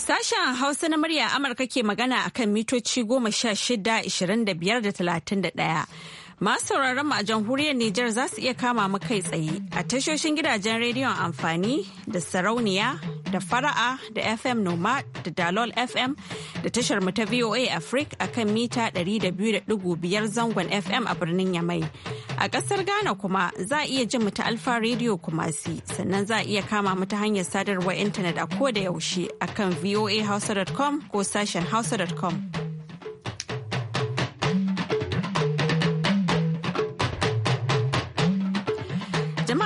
Sashen Hausa na murya Amurka ke magana akan mitoci goma sha shida, ishirin da biyar da talatin da ɗaya. Masu sauraron mu a jamhuriyar Nijar za su iya kama mu kai tsaye a tashoshin gidajen rediyon amfani da sarauniya da fara'a da FM Noma da Dalol FM da tashar mu ta VOA Africa a kan mita 200.5 zangon FM a birnin Yamai. A ƙasar Ghana kuma za a iya jin mu ta Alfa Radio Kumasi sannan za a iya kama mu ta hanyar sadarwar intanet a ko da yaushe a kan voahausa.com ko sashen hausa.com.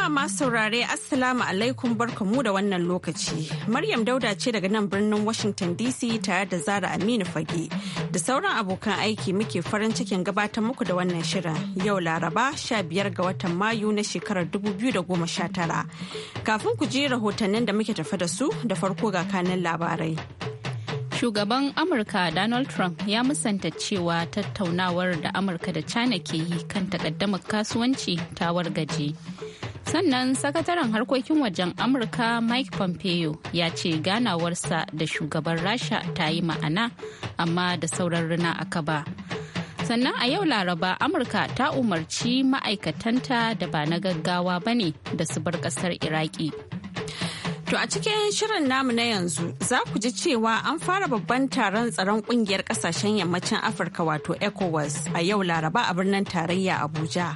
Jama'a masu saurare Assalamu alaikum barkamu da wannan lokaci. Maryam Dauda ce daga nan birnin Washington DC tare da Zara Aminu Fage da sauran abokan aiki muke farin cikin gabatar muku da wannan shirin yau Laraba 15 ga watan Mayu na shekarar 2019. Kafin ku ji rahotannin da muke tafa da su da farko ga kanan labarai. Shugaban Amurka Donald Trump ya musanta cewa tattaunawar da Amurka da China ke yi kan takaddamar kasuwanci ta wargaje. sannan sakataren harkokin wajen amurka mike pompeo ya ce ganawarsa da shugaban rasha ta yi ma'ana amma da sauran rina aka ba sannan a yau laraba amurka ta umarci ma'aikatanta da ba na gaggawa ba ne da su bar kasar iraki To a cikin shirin namu na yanzu za ku ji cewa an fara babban taron tsaron kungiyar kasashen yammacin Afirka wato ECOWAS a yau Laraba a birnin tarayya Abuja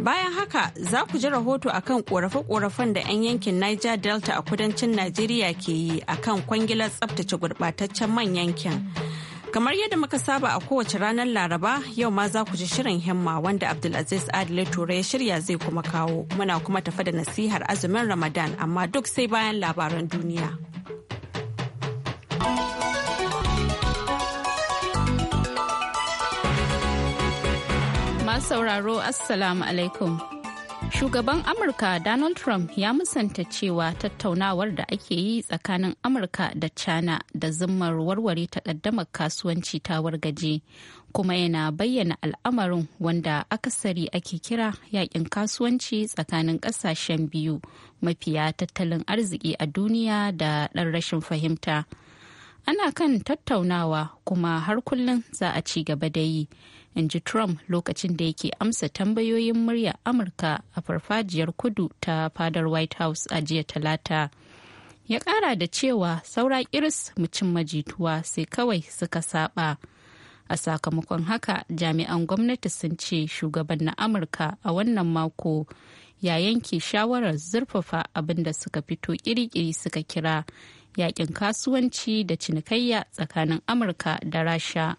Bayan haka za ku ji rahoto akan korafe-korafen da 'yan yankin Niger Delta a kudancin Najeriya ke yi akan kwangilar tsabtace gurɓataccen man yankin. Kamar yadda muka saba a kowace ranar Laraba yau ma za ku ji shirin himma wanda Abdulaziz Adile Ture ya shirya zai kuma kawo. Muna kuma tafa da nasihar azumin Ramadan amma duk sai bayan labaran duniya. sauraro Assalamu alaikum. Shugaban Amurka Donald Trump ya musanta cewa tattaunawar da ake yi tsakanin Amurka da China da zimmar warware takaddamar kasuwanci ta wargaje kuma yana bayyana al'amarin wanda akasari ake kira yakin kasuwanci tsakanin kasashen biyu mafiya tattalin arziki a duniya da ɗan rashin fahimta. Ana kan tattaunawa kuma har kullum za a ci gaba da yi. in ji trump lokacin da yake amsa tambayoyin murya amurka a farfajiyar kudu ta fadar white house a jiya talata ya kara da cewa saura iris mucin majituwa sai kawai suka saba a sakamakon haka jami'an gwamnati sun ce shugaban na amurka a wannan mako ya yanke shawarar zurfafa abin da suka fito kirikiri suka kira yakin kasuwanci da cinikayya tsakanin amurka da rasha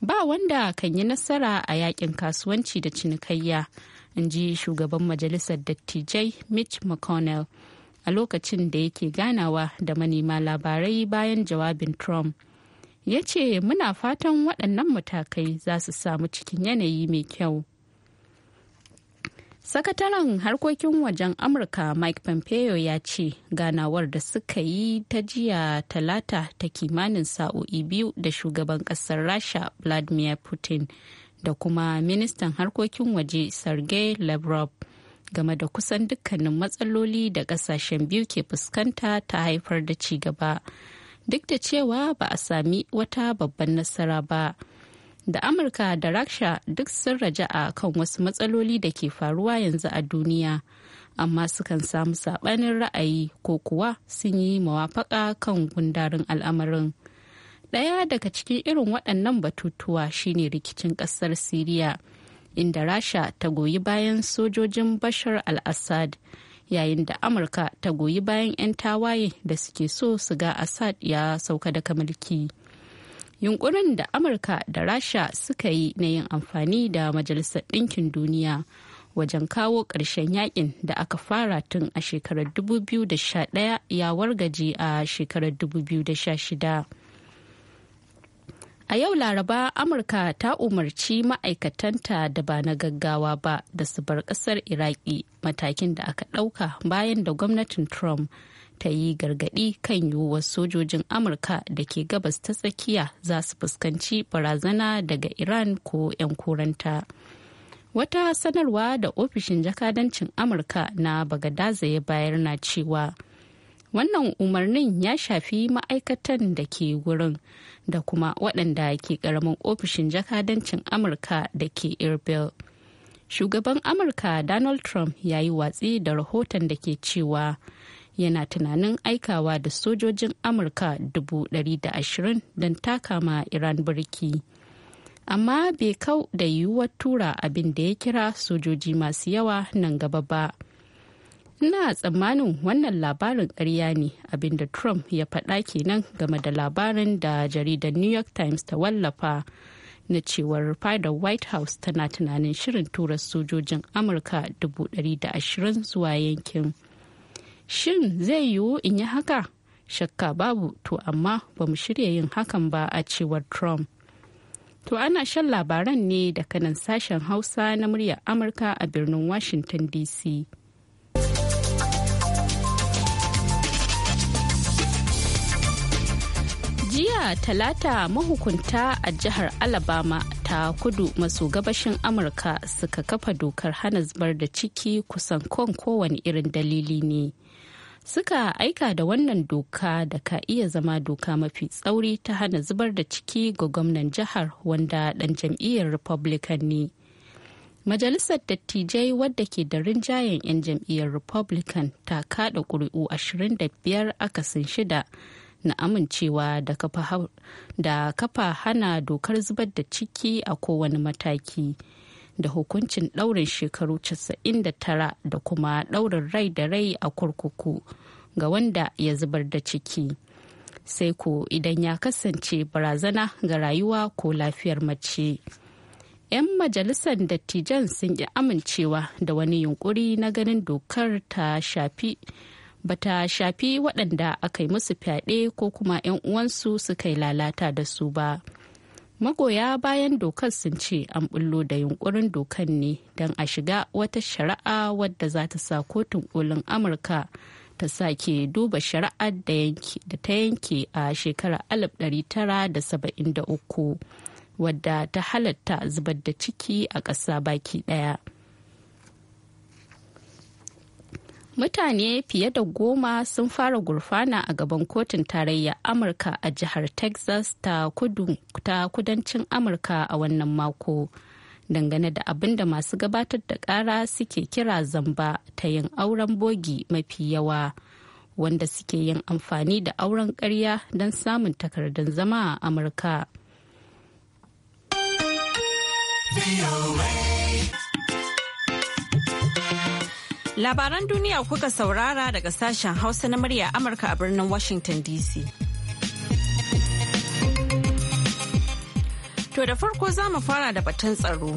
ba wanda kan yi nasara a yakin kasuwanci da cinikayya in ji shugaban majalisar dattijai mitch mcconnell a lokacin da yake ganawa da manema labarai bayan jawabin trump ya ce muna fatan waɗannan matakai za su samu cikin yanayi mai kyau Sakataren harkokin wajen Amurka Mike Pompeo ya ce ganawar da suka yi ta jiya talata ta kimanin sa'o'i biyu da shugaban kasar Rasha Vladimir Putin da kuma ministan harkokin waje Sergei Lavrov game da kusan dukkanin matsaloli da kasashen biyu ke fuskanta ta haifar da cigaba Duk da cewa ba a sami wata babban nasara ba. da amurka da rasha duk sun raja'a kan wasu matsaloli da ke faruwa yanzu a duniya amma sukan samu sabanin ra'ayi ko kuwa sun yi mawafaka kan gundarin al'amarin ɗaya daga cikin irin waɗannan batutuwa shine rikicin ƙasar siriya inda rasha ta goyi bayan sojojin bashar al-assad yayin da amurka ta goyi bayan 'yan tawaye da suke so su ga assad ya sauka daga mulki. yunkurin da amurka da rasha suka yi na yin amfani da majalisar ɗinkin duniya wajen kawo ƙarshen yakin da aka fara tun a shekarar 2011 ya wargaje a shekarar 2016 A yau Laraba Amurka ta umarci ma'aikatanta da ba na gaggawa ba da su bar kasar Iraki matakin da aka ɗauka bayan da gwamnatin Trump ta yi gargaɗi kan yiwuwar sojojin amurka da ke gabas ta tsakiya za su fuskanci barazana daga iran ko 'yan koranta wata sanarwa da ofishin jakadancin amurka na bagadaza ya bayar na cewa wannan umarnin ya shafi ma'aikatan da ke wurin da kuma waɗanda ke ƙaramin ofishin jakadancin amurka da ke irbil shugaban amurka donald trump ya yi watsi da rahoton da ke cewa yana tunanin aikawa da sojojin amurka 120 don taka ma iran birki amma bai kau da yiwuwar tura abin da ya kira sojoji masu yawa nan gaba ba ina tsammanin wannan labarin ƙarya ne abinda trump ya faɗa kenan game da labarin da jaridar new york times ta wallafa na cewar fadar white house tana tunanin shirin tura sojojin amurka 120 zuwa yankin shin zai yiwu in yi haka shakka babu to amma ba mu shirya yin hakan ba a cewar trump to ana shan labaran ne daga nan sashen hausa na muryar amurka a birnin washington dc jiya talata mahukunta a jihar alabama ta kudu maso gabashin amurka suka kafa dokar hana zubar da ciki kusan kon kowane irin dalili ne suka aika da wannan doka da ka iya zama doka mafi tsauri ta hana zubar da ciki ga gwamnan jihar wanda dan jam'iyyar republican ne majalisar dattijai wadda ke da rinjayen 'yan jam'iyyar republican ta kada ƙuri'u 25 akasin shida na amincewa da kafa hana dokar zubar da ciki a kowane mataki. da hukuncin ɗaurin shekaru 99 da kuma ɗaurin rai da rai a kurkuku ga wanda ya zubar da ciki. Sai ko idan ya kasance barazana ga rayuwa ko lafiyar mace. 'Yan majalisar dattijan sun yi amincewa da wani yunkuri na ganin dokar ta shafi bata shafi waɗanda aka yi musu fyaɗe ko kuma 'yan uwansu suka yi lalata da su ba. magoya bayan dokar sun ce an bullo da yunkurin dokar ne don a shiga wata shari'a wadda za ta sa kotun kolin amurka ta sake duba shari'ar da ta yanke a shekarar 1973 wadda ta halatta zubar da ciki a ƙasa baki ɗaya. mutane fiye da goma sun fara gurfana a gaban kotun tarayya amurka a jihar texas ta kudu ta kudancin amurka a wannan mako dangane da abin da masu gabatar da kara suke kira zamba ta yin auren bogi mafi yawa wanda suke yin amfani da auren karya don samun takardun zama a amurka. Labaran duniya kuka saurara daga sashen Hausa na murya Amurka a birnin Washington DC. To da farko za mu fara da batun tsaro.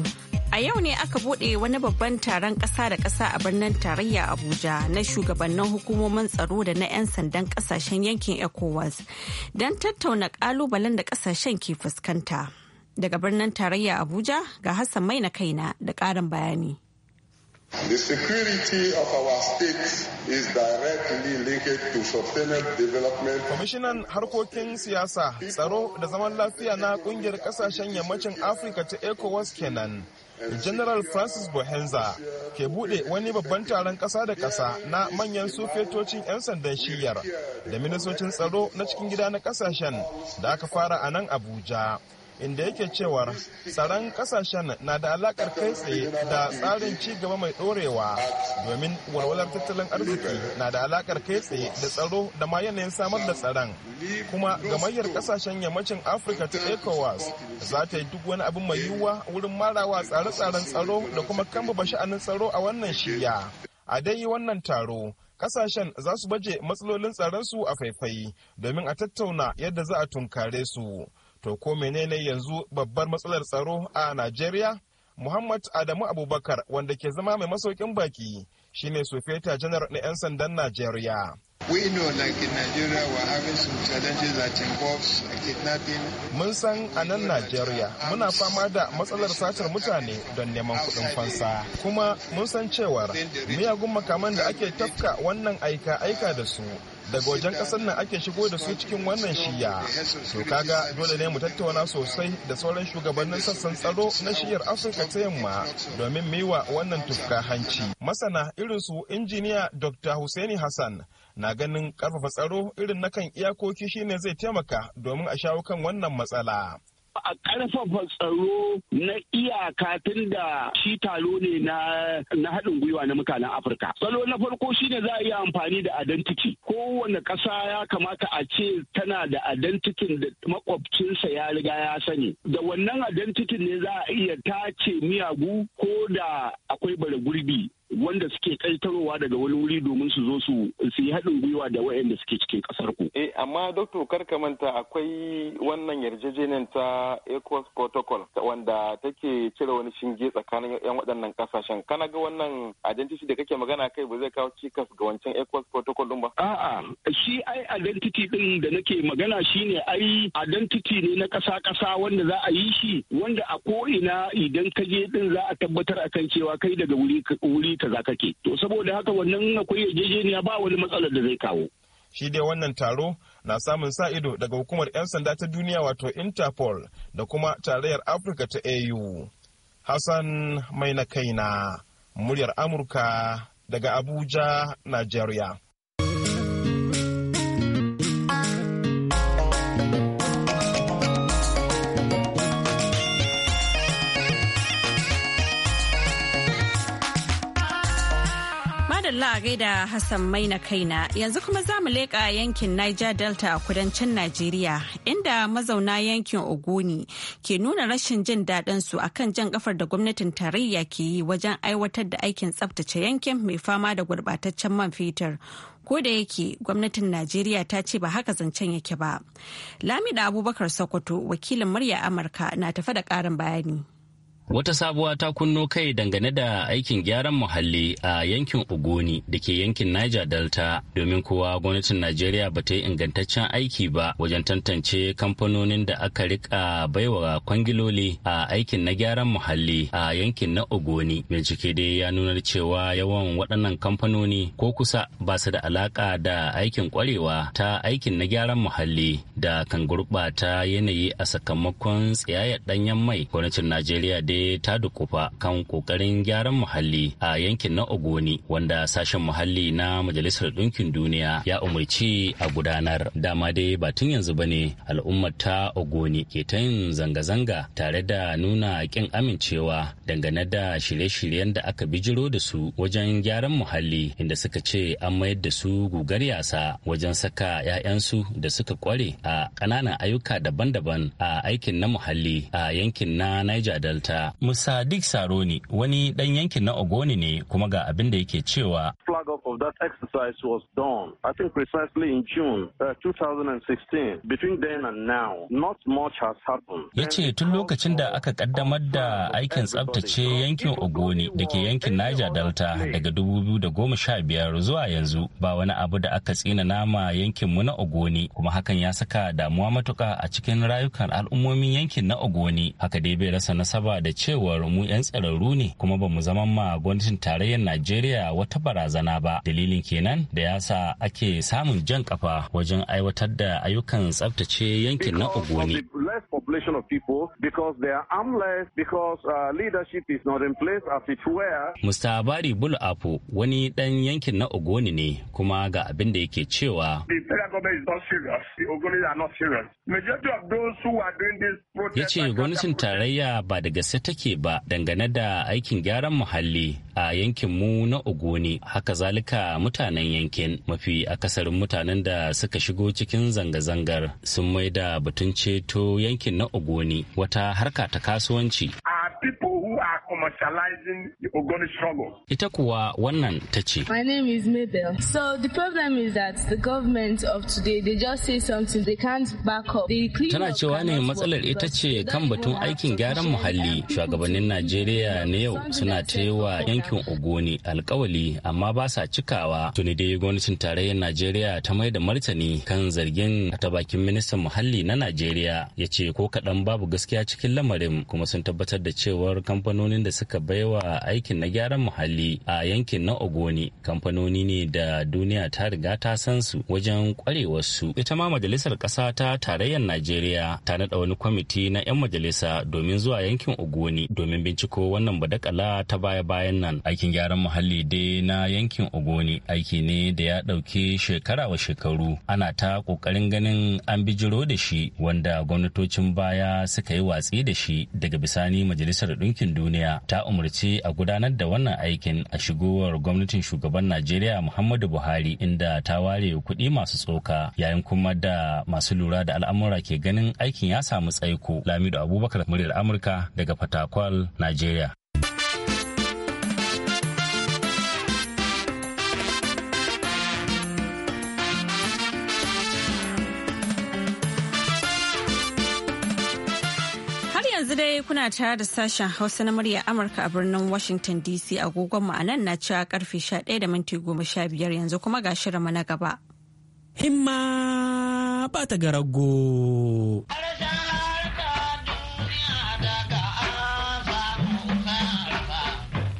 A yau ne aka buɗe wani babban taron ƙasa da ƙasa a birnin tarayya Abuja na shugabannin hukumomin tsaro da na 'yan sandan ƙasashen yankin ECOWAS don tattauna ƙalubalen da ƙasashen ke fuskanta. Daga birnin tarayya Abuja ga Hassan mai na kaina da ƙarin bayani. The security of our state is directly linked to sustainable development. Kwamishinan harkokin siyasa, tsaro da zaman lafiya na kungiyar kasashen yammacin Afirka ta ECOWAS kenan. General Francis Bohenza ke bude wani babban taron ƙasa da ƙasa na manyan sufetocin 'yan sandan shiyar da ministocin tsaro na cikin gida na ƙasashen da aka fara a nan Abuja. inda yake cewar tsaron kasashen na da alakar kai tsaye da tsarin ci gaba mai dorewa domin walwalar tattalin arziki na da alakar kai tsaye da tsaro da ma yanayin samar da tsaron kuma gamayyar kasashen yammacin afirka ta ecowas za ta yi duk wani abin mai yiwuwa wurin marawa tsare-tsaren tsaro da kuma kambaba sha'anin tsaro a wannan shirya a dai wannan taro kasashen za su baje matsalolin tsaron su a faifai domin a tattauna yadda za a tunkare su To ko menene yanzu babbar matsalar tsaro a Najeriya? Muhammad Adamu Abubakar wanda ke zama mai masaukin baki shine sofeta janar na 'yan sandan Najeriya. We know like in Nigeria we're having some challenges that involves kidnapping. Mun san a nan Najeriya muna fama da matsalar satar mutane don neman kuɗin fansa. Kuma mun san cewar miyagun makaman da ake tafka wannan aika aika da su daga wajen kasar nan ake shigo da su cikin wannan shiya to kaga dole ne mu tattauna sosai da sauran shugabannin sassan tsaro na shiyar afirka ta yamma domin wa wannan tufka hanci masana irin su injiniya dr Hussaini hassan na ganin karfafa tsaro irin na kan iyakoki shine zai taimaka domin a shawo kan wannan matsala a ƙarfafa tsaro na iyaka tun da shi talo ne na haɗin gwiwa na mutanen afirka salo na farko shine za a yi amfani da identity kowane ƙasa ya kamata a ce tana da adantikin da makwabcinsa ya riga ya sani da wannan adantikin ne za a iya tace miyagu ko da akwai bara gurbi wanda suke kaitarowa daga wani wuri domin su zo su su yi haɗin gwiwa da waɗanda suke cikin ƙasar ku. Eh amma Dr. kar ka manta akwai wannan yarjejeniyar ta ECOWAS protocol wanda take cire wani shinge tsakanin yan waɗannan ƙasashen kana ga wannan identity da kake magana kai ba zai kawo cikas ga wancan ECOWAS protocol din ba. A'a shi ai identity din da nake magana shine ai identity ne na ƙasa-ƙasa wanda za a yi shi wanda a ko ina idan ka je din za a tabbatar akan cewa kai daga wuri kaza kake to saboda haka wannan akwai yarjejeniya ba wani matsalar da zai kawo shi dai wannan taro na samun sa ido daga hukumar 'yan sanda ta duniya wato interpol da kuma tarayyar afirka ta au hassan mai na kaina muryar amurka daga abuja nigeria a gaida Hassan Maina kaina yanzu kuma za mu leƙa yankin Niger Delta a kudancin Najeriya inda mazauna yankin Ogoni ke nuna rashin jin daɗin su akan jan kafar da gwamnatin tarayya ke yi wajen aiwatar da aikin tsaftace yankin mai fama da gurbataccen man fetur. Ko da yake gwamnatin Najeriya ta ce ba haka zancen yake ba. Lamida Abubakar Sokoto wakilin murya Amurka na tafa da ƙarin bayani. wata sabuwa ta kunno kai dangane da aikin gyaran muhalli a yankin ogoni da ke yankin niger delta domin kowa gwamnatin najeriya ba ta yi ingantaccen aiki ba wajen tantance kamfanonin da aka rika baiwa kwangiloli a aikin na gyaran muhalli a yankin na ogoni bincike dai ya nuna cewa yawan waɗannan kamfanoni ko kusa ba su da alaka da aikin ƙwarewa ta aikin na gyaran muhalli da kan gurɓata yanayi a sakamakon tsayayyar ɗanyen mai gwamnatin najeriya dai dai ta dukufa kan kokarin gyaran muhalli a yankin na ogoni wanda sashen muhalli na majalisar ɗinkin duniya ya umarci a gudanar dama dai ba tun yanzu ba ne al'ummar ta ogoni ke ta yin zanga-zanga tare da nuna kin amincewa dangane da shirye-shiryen da aka bijiro da su wajen gyaran muhalli inda suka ce an mayar da su gugar yasa wajen saka 'ya'yansu da suka kware a ƙananan ayyuka daban-daban a aikin na muhalli a yankin na niger delta da Musa Dik Saroni wani ɗan yankin na Ogoni ne kuma ga abin da yake cewa. Flag off of that exercise was done, I think precisely in June uh, 2016. Between then and now, not much has happened. Ya tun lokacin da aka kaddamar da aikin tsabtace yankin Ogoni da ke yankin Niger Delta daga 2015 zuwa yanzu ba wani abu da aka tsina nama yankin mu na Ogoni kuma hakan ya saka damuwa matuka a cikin rayukan al'ummomin yankin na Ogoni. Haka dai bai rasa nasaba da da cewar mu 'yan tsararru ne kuma ba mu zama ma gwamnatin tarayyar najeriya wata barazana ba dalilin kenan da ya sa ake samun jan kafa wajen aiwatar da ayyukan tsaftace yankin na ogoni less population of people because they are armless, because uh, leadership is not in place as it were. Mr. Abari Bulu Apo wani dan yankin na Ogoni ne kuma ga abin da yake cewa. The federal government is not serious. The Ogoni are not serious. Majority of those who are doing this protest. Ya ce gwamnatin tarayya ba da gaske take ba dangane da aikin gyaran muhalli a yankinmu na ogoni haka zalika mutanen yankin mafi akasarin mutanen da suka shigo cikin zanga-zangar sun mai da batun ceto yankin na ogoni wata harka ta kasuwanci realizing you're struggle. Ita kuwa wannan ta ce. My name is Mabel. So the problem is that the government of today they just say something they can't back up. Tana cewa ne matsalar ita ce kan batun aikin gyaran muhalli. Shugabannin Najeriya na yau suna ta yi wa yankin Ogoni alkawali amma ba sa cikawa. Tuni dai gwamnatin tarayyar Najeriya ta mai da martani kan zargin ta bakin ministan muhalli na Najeriya ya ce ko kaɗan babu gaskiya cikin lamarin kuma sun tabbatar da cewar kamfanonin da suka baiwa aikin na gyaran muhalli a yankin na ogoni kamfanoni ne da duniya ta riga ta san su wajen kwarewarsu ita ma majalisar ƙasa ta tarayyar najeriya ta naɗa wani kwamiti na 'yan majalisa domin zuwa yankin ogoni domin binciko wannan badakala ta baya-bayan nan aikin gyaran muhalli dai na yankin ogoni aiki ne da ya ɗauki shekara wa shekaru ana ta ƙoƙarin ganin an bijiro da shi wanda gwamnatocin baya suka yi watsi da shi daga bisani majalisar ɗinkin duniya ta umarci a gudanar da wannan aikin a shigowar gwamnatin shugaban najeriya muhammadu buhari inda ta ware kuɗi masu tsoka yayin kuma da masu lura da al'amura ke ganin aikin ya samu tsaiko lamido abubakar muryar amurka daga fatakwal najeriya kuna tare da sashen Hausa na murya Amurka a birnin Washington DC agogon mu nan na cewa karfe 11 da minti 15 yanzu kuma ga shirinmu na gaba. Himma ba ta garago.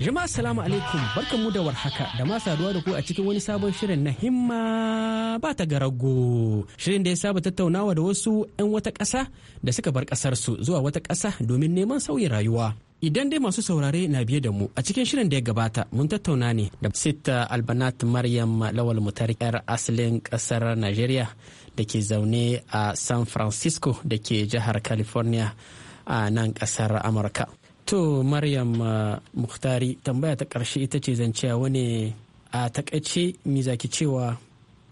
Jama'a salamu alaikum barkanmu da warhaka da ma saduwa da ku a cikin wani sabon shirin na himma ba ta garago. Shirin da ya saba tattaunawa da wasu 'yan wata ƙasa da suka bar ƙasarsu zuwa wata ƙasa domin neman sauyi rayuwa. Idan dai masu saurare na biye da mu a cikin shirin da ya gabata mun tattauna ne da Sita Albanat Maryam Lawal Mutar 'yar asalin ƙasar Najeriya da ke zaune a San Francisco da ke jihar California a nan ƙasar Amurka. To Maryam uh, Muktari tambaya ta karshe ita ce zanciya wani a takaice mi zaki cewa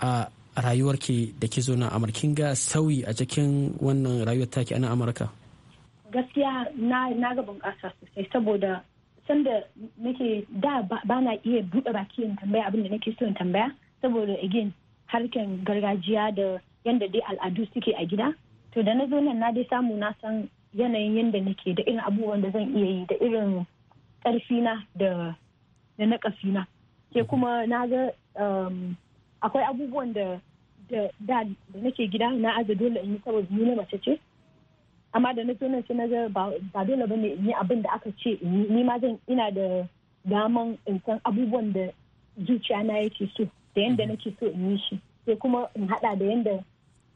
a rayuwarki da ki zo na Amurkin ga sauyi a cikin wannan rayuwar taki a Amurka? Gaskiya na ga bunƙasa sosai saboda sanda nake da ba na iya buɗe baki in tambaya abin da nake so in tambaya saboda again harkan gargajiya da yadda dai al'adu suke a gida to da na zo nan na dai samu na san yanayin yadda nake da irin abubuwan da zan iya yi da irin ƙarfina da na nakasina sai mhm. kuma na ga um, akwai abubuwan da da nake gida na aza dole in yi saboda ni na mace ce amma da na zo nan ce na ga ba dole ba ne in abin da aka ce ni ma zan ina da daman in san abubuwan da zuciya na yake so da yadda mhm. nake so in yi shi sai kuma in hada da yadda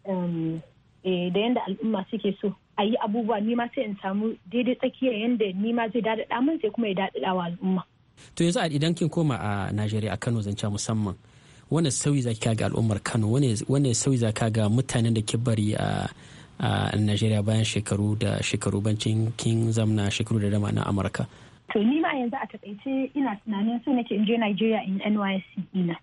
um, eh, da yanda al'umma suke so a yi abubuwa nima sai in samu daidai tsakiya yadda nima zai daɗaɗa min sai kuma ya daɗaɗa wa al'umma. To yanzu idan kin koma a Najeriya a Kano zance musamman wani sauyi za ka ga al'ummar Kano wani sauyi za ka ga mutanen da ke bari a Najeriya bayan shekaru da shekaru bancin kin zamna shekaru da dama na Amurka. To ni ma yanzu a taƙaice ina tunanin so nake in je Najeriya in NYSC ina.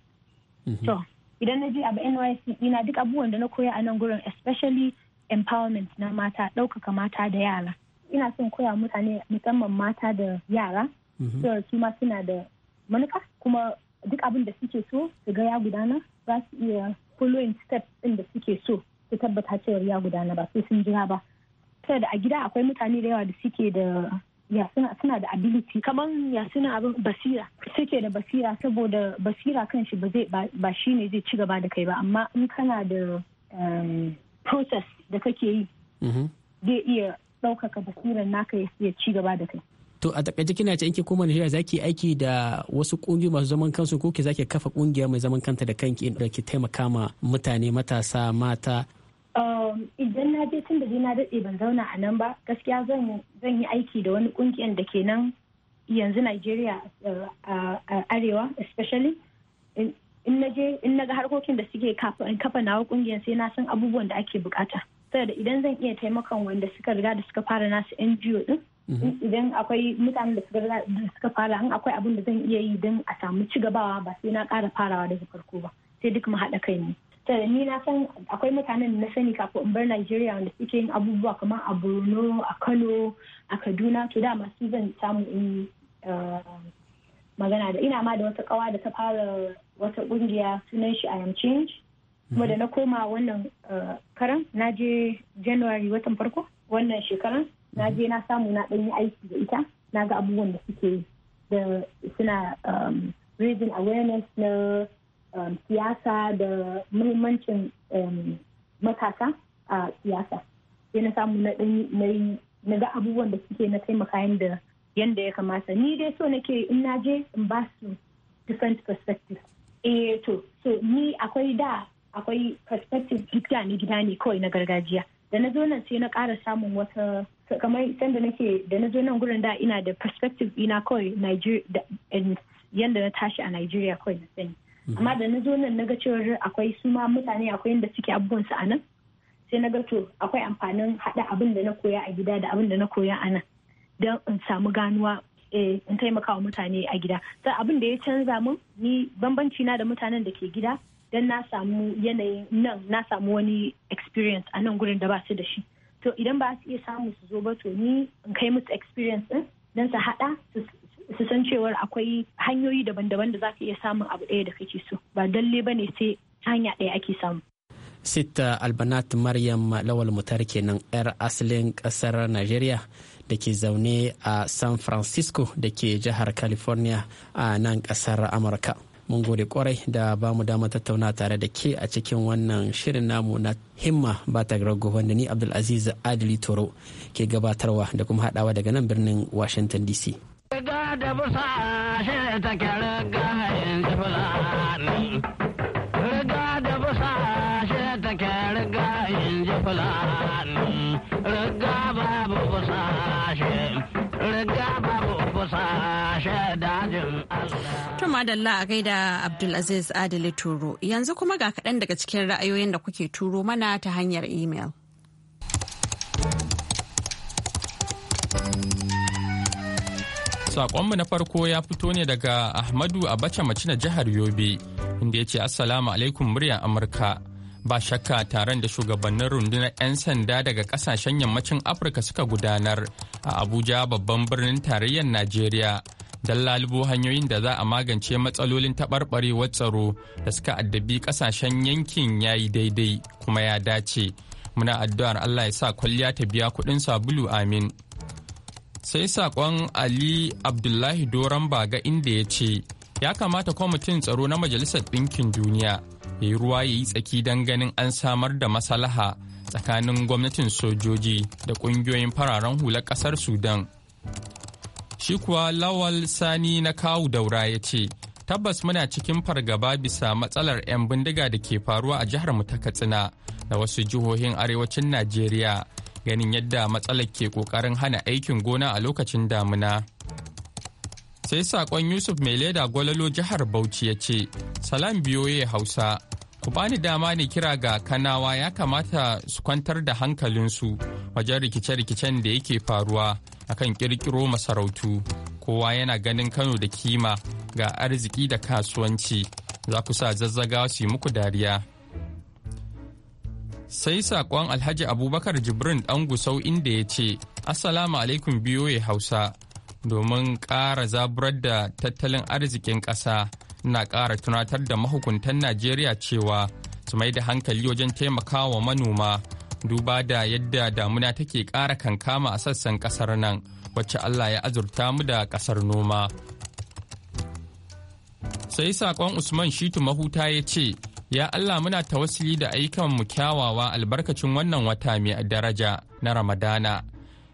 Mhm. To idan na je ba NYSC ina duk abubuwan da na koya a nan gurin especially empowerment na mata ɗaukaka mata da yara ina son koya mutane musamman mata da yara mhm. cewa su ma suna da manufa kuma duk abin da suke so su ga ya gudana za su iya following step ɗin da suke so su tabbata cewa ya gudana ba sai sun jira ba da a gida akwai mutane da yawa da suke da ya suna da ability kamar ya suna abin basira suke da basira saboda basira kan shi ba shi ne zai ci gaba da kai ba amma in kana da um, process da kake yi mhm. zai iya ɗaukaka basirar naka ya ci gaba da kai to a takaice kina ce in ki koma Najeriya zaki aiki da wasu kungiyoyi masu zaman kansu ko ki zaki kafa kungiya mai zaman kanta da kanki da ki taimaka ma mutane matasa mata um, idan na je tun da na daɗe ban zauna a nan ba gaskiya zan yi aiki da wani kungiyan da ke nan yanzu Najeriya uh, a arewa especially in na je in na ga harkokin da suke kafa nawa kungiyar sai na san abubuwan da ake bukata saboda idan zan iya taimakon wanda suka riga da suka fara nasu NGO din mhm. idan akwai mutanen da suka da suka fara an akwai abin da zan iya yi don a samu ci cigabawa ba sai na ƙara farawa daga farko ba sai duk mu haɗa kai ne saboda ni na san akwai mutanen da na sani kafin in bar Najeriya wanda suke yin abubuwa kamar a Borno a Kano a Kaduna to da masu zan samu in eh, magana da ina ma da wata kawa da ta fara wata kungiya sunan shi a am change kuma da mhm. na koma wannan eh, karan na je January watan farko wannan shekaran na je mhm. na samu na yi aiki da ita na ga abubuwan da suke da suna um, raising awareness na um, siyasa da muhimmancin um, matasa a siyasa sai na samu na na ga abubuwan da suke na taimaka da yanda ya kamata ni dai so nake in na je in ba su different perspective eh to so ni akwai da akwai perspective gida ni gida ne kawai na gargajiya da na zo nan sai na ƙara samun wata kamar sanda nake da na zo nan gurin da ina da perspective ina kawai yanda na tashi a Nigeria kawai na sani mhm. amma da na zo nan na ga cewar akwai su ma mutane akwai yanda suke abubuwan su a nan sai na ga to akwai amfanin haɗa abin da na koya a gida da abin da na koya a nan don in samu ganuwa eh, in taimaka wa mutane a gida sai abin da ya canza mun ni bambanci na da mutanen da ke gida don na samu yanayin nan na samu wani experience a nan gurin da ba su da shi to idan ba su iya samu su zo ba to ni in kai musu experience din don su haɗa su san cewar akwai hanyoyi daban-daban da za ka iya samun abu ɗaya da kake so ba dalle ba ne sai hanya ɗaya ake samu Sita Albanat Maryam Lawal Mutar kenan 'yar asalin ƙasar Najeriya da ke zaune a san francisco da ke jihar california a nan kasar amurka mun gode kwarai da ba mu dama tattauna tare da ke a cikin wannan shirin namu na himma ba ta rago wanda ni abdulaziz adili toro ke gabatarwa da kuma hadawa daga nan birnin washington dc da busa shi ta kyara madalla a gaida Abdulaziz Adili Turo. Yanzu kuma ga kaɗan daga cikin ra'ayoyin da kuke turo mana ta hanyar imel. saƙonmu na farko ya fito ne daga Ahmadu Abacha mace na jihar Yobe, inda ya ce Assalamu alaikum muryar Amurka. Ba shakka taron da shugabannin rundunar 'yan sanda daga kasashen yammacin Afirka suka gudanar a Abuja babban birnin tarayyar Najeriya. don lalubo hanyoyin da za a magance matsalolin taɓarɓarewar tsaro da suka addabi ƙasashen yankin ya yi daidai kuma ya dace muna addu'ar allah ya sa kwalliya ta biya kuɗin sabulu amin sai saƙon ali abdullahi doron baga inda ya ce ya kamata kwamitin tsaro na majalisar ɗinkin duniya ya yi ruwa ya yi tsaki don ganin an samar da masalaha tsakanin gwamnatin sojoji da ƙungiyoyin fararen hular ƙasar sudan Shi kuwa Lawal Sani na kawu daura ya ce, Tabbas muna cikin fargaba bisa matsalar 'yan bindiga da ke faruwa a jihar mu ta Katsina da wasu jihohin arewacin Najeriya ganin yadda matsalar ke kokarin hana aikin gona a lokacin damina. Sai saƙon Yusuf mai leda gwalalo jihar Bauchi ya ce, Salam biyoye Hausa, ku bani dama ne kira ga kanawa ya kamata su kwantar da hankalinsu wajen rikice-rikicen da yake faruwa. akan kirkiro masarautu kowa yana ganin kano da kima ga arziki da kasuwanci za ku sa zazzaga su yi muku dariya sai saƙon alhaji abubakar jibrin ɗan gusau inda ya ce assalamu alaikum biyoye hausa domin ƙara zaburar da tattalin arzikin ƙasa na ƙara tunatar da mahukuntan najeriya cewa su mai da hankali wajen taimakawa manoma duba da yadda damuna take ƙara kankama a sassan ƙasar nan wacce Allah ya azurta mu da ƙasar noma. Sai saƙon Usman Shitu Mahuta ya ce, Ya Allah muna ta tawassuli da ayyukan mu kyawawa albarkacin wannan wata mai daraja na Ramadana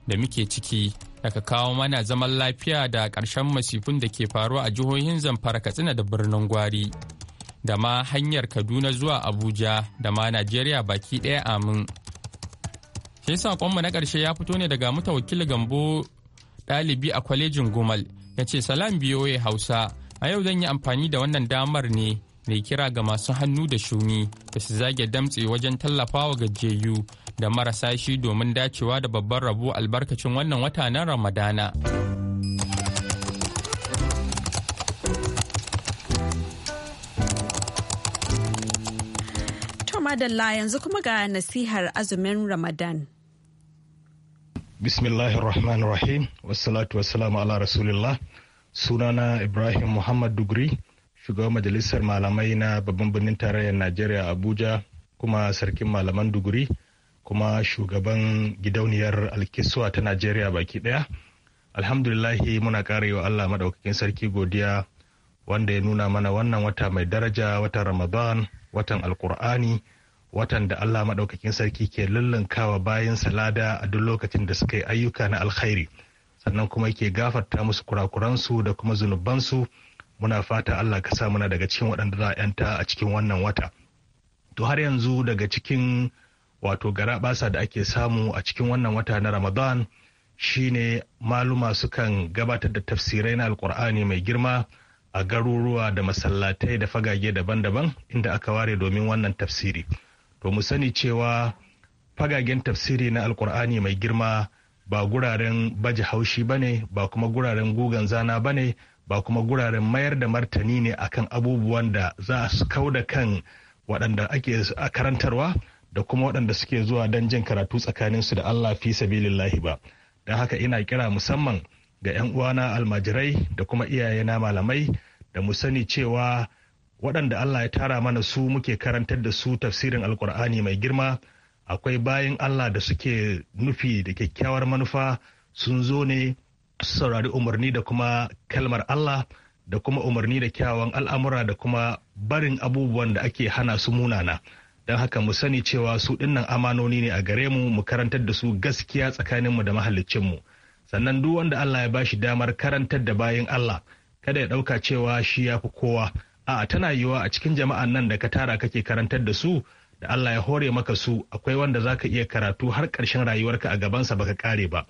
da muke ciki daga kawo mana zaman lafiya da ƙarshen masifin da ke faruwa a jihohin Zamfara Katsina da birnin Gwari. Da ma hanyar Kaduna zuwa Abuja da ma Najeriya baki ɗaya amin. sai saƙonmu na ƙarshe ya fito ne daga wakili gambo ɗalibi a kwalejin gomal ya ce salam biyoye hausa a yau zan yi amfani da wannan damar ne mai kira ga masu hannu da shuni da su zage damtse wajen tallafawa gajiyayyu da marasa shi domin dacewa da babban rabo albarkacin wannan wata na ramadana madalla yanzu kuma ga nasihar azumin ramadan bismillahir rahmanir rahim wassalatu wassalamu ala rasulillah sunana ibrahim muhammad dugri shugaban majalisar malamai na babban birnin tarayyar najeriya abuja kuma sarkin malaman duguri kuma shugaban gidauniyar alkiswa ta najeriya baki daya alhamdulillahi muna wa allah maɗaukakin sarki godiya wanda ya nuna mana wannan wata mai daraja watan ramadan watan alkur'ani watan da Allah maɗaukakin sarki ke lullunkawa bayan salada a duk lokacin da suka yi ayyuka na alkhairi sannan kuma yake gafarta musu kurakuransu da kuma zunubansu muna fata Allah ka sa muna daga cikin waɗanda za a yanta a cikin wannan wata to har yanzu daga cikin wato garaɓasa da ake samu a cikin wannan wata na Ramadan shine maluma sukan gabatar da tafsirai na alkur'ani mai girma a garuruwa da masallatai da fagage daban-daban inda aka ware domin wannan tafsiri ba mu sani cewa fagagen tafsiri na alkur'ani mai girma ba guraren baje haushi ba ne ba kuma guraren gugan zana ba ne ba kuma guraren mayar da martani ne akan abubuwan da za su kau da kan waɗanda ake karantarwa da kuma waɗanda suke zuwa don jin karatu tsakaninsu da Allah fi sabilillahi ba don haka ina kira musamman ga 'yan uwana almajirai da kuma iyayena malamai da mu sani cewa waɗanda Allah ya tara mana su muke karantar da su tafsirin alkur'ani mai girma akwai bayan Allah da suke nufi da kyakkyawar manufa sun zo ne su saurari umarni da kuma kalmar Allah da kuma umarni da kyawawan al'amura da kuma barin abubuwan da ake hana su munana don haka mu sani cewa su dinnan amanoni ne a gare mu mu karantar da su gaskiya tsakaninmu da mahaliccinmu sannan duk wanda Allah ya bashi damar karantar da bayan Allah kada ya ɗauka cewa shi ya fi kowa a'a tana yiwuwa a cikin jama'an nan da ka tara kake karantar da su da Allah ya hore maka su akwai wanda za ka iya karatu har ƙarshen rayuwarka a gabansa baka kare ba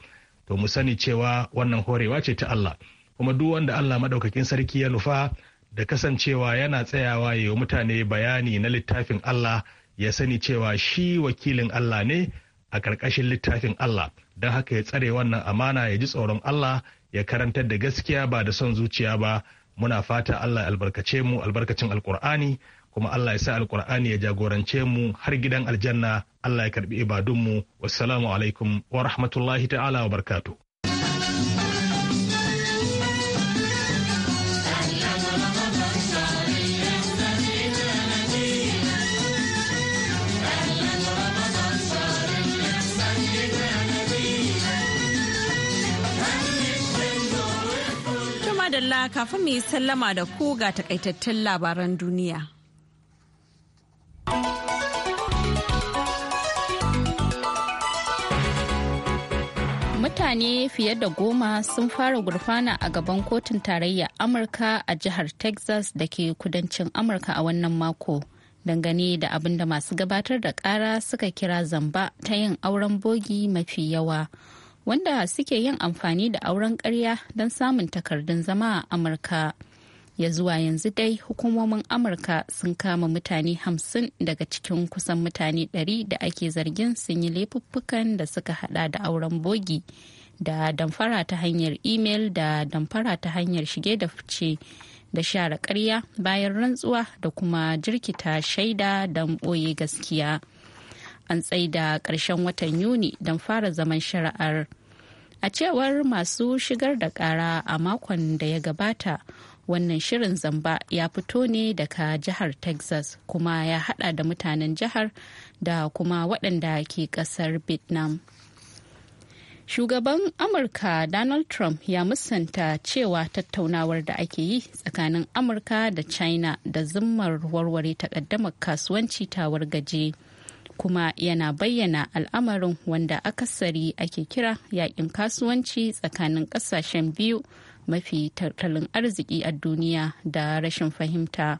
to mu sani cewa wannan horewa ce ta Allah kuma duk wanda Allah madaukakin sarki ya nufa da kasancewa yana tsayawa ya yi mutane bayani na littafin Allah ya sani cewa shi wakilin Allah ne a ƙarƙashin littafin Allah don haka ya tsare wannan amana ya ji tsoron Allah ya karantar da gaskiya ba da son zuciya ba muna fata Allah ya albarkace mu albarkacin alkur'ani kuma Allah ya sa alkur'ani ya jagorance mu har gidan aljanna Allah ya karbi ibadunmu wassalamu alaikum wa rahmatullahi ta'ala wa barkatu. Allah kafin mu yi sallama da ku ga takaitattun labaran duniya. mutane fiye da goma sun fara gurfana a gaban kotun tarayya amurka a jihar texas da ke kudancin amurka a wannan mako dangane da abin da masu gabatar da kara suka kira zamba ta yin auren bogi mafi yawa wanda suke yin amfani da auren ƙarya don samun takardun zama a amurka ya zuwa yanzu dai hukumomin amurka sun kama mutane hamsin daga cikin kusan mutane 100 da ake zargin sun yi laifuffukan da suka hada da auren bogi da damfara ta hanyar imel da damfara ta hanyar shige da fice da share karya bayan rantsuwa da kuma jirkita shaida don ɓoye gaskiya. an tsaida ƙarshen watan yuni don fara zaman shari'ar a cewar masu shigar da kara a makon da ya gabata wannan shirin zamba ya fito ne daga jihar texas kuma ya hada da mutanen jihar da kuma waɗanda ke ƙasar vietnam shugaban amurka donald trump ya musanta cewa tattaunawar da ake yi tsakanin amurka da china da zimmar warware takaddamar kasuwanci tawar gaje kuma yana bayyana al'amarin wanda akasari ake kira yakin kasuwanci tsakanin kasashen biyu mafi tattalin arziki a duniya da rashin fahimta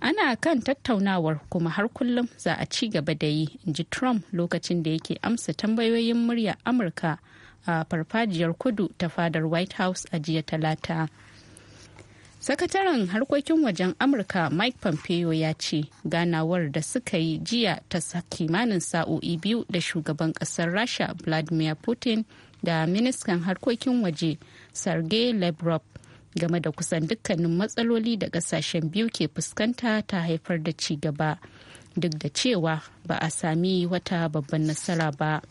ana kan tattaunawar kuma har kullum za a ci gaba da yi ji trump lokacin da yake amsa tambayoyin murya amurka a farfajiyar kudu ta fadar white house a jiya talata sakataren harkokin wajen amurka mike pompeo ya ce ganawar da suka yi jiya ta kimanin sa'o'i biyu da shugaban kasar rasha vladimir putin da ministan harkokin waje sergei lavrov game da kusan dukkanin matsaloli da kasashen biyu ke fuskanta ta haifar da ci gaba duk da cewa ba a sami wata babban nasara ba.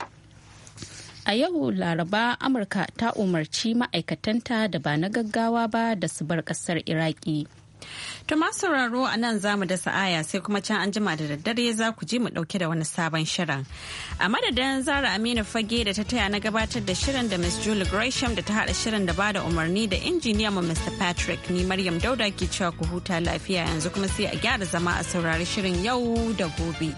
A yau Laraba Amurka ta umarci ma'aikatanta da ba na gaggawa ba da su bar ƙasar Iraki. To sauraro a nan zamu mu dasa aya sai kuma can an jima da daddare za ku ji mu dauke da wani sabon shirin. A madadin Zara Aminu Fage da ta taya na gabatar da shirin da Miss Julie Gresham da ta haɗa shirin da bada umarni da injiniya mu Mr. Patrick ni Maryam Dauda ke cewa ku huta lafiya yanzu kuma sai a gyara zama a saurari shirin yau da gobe.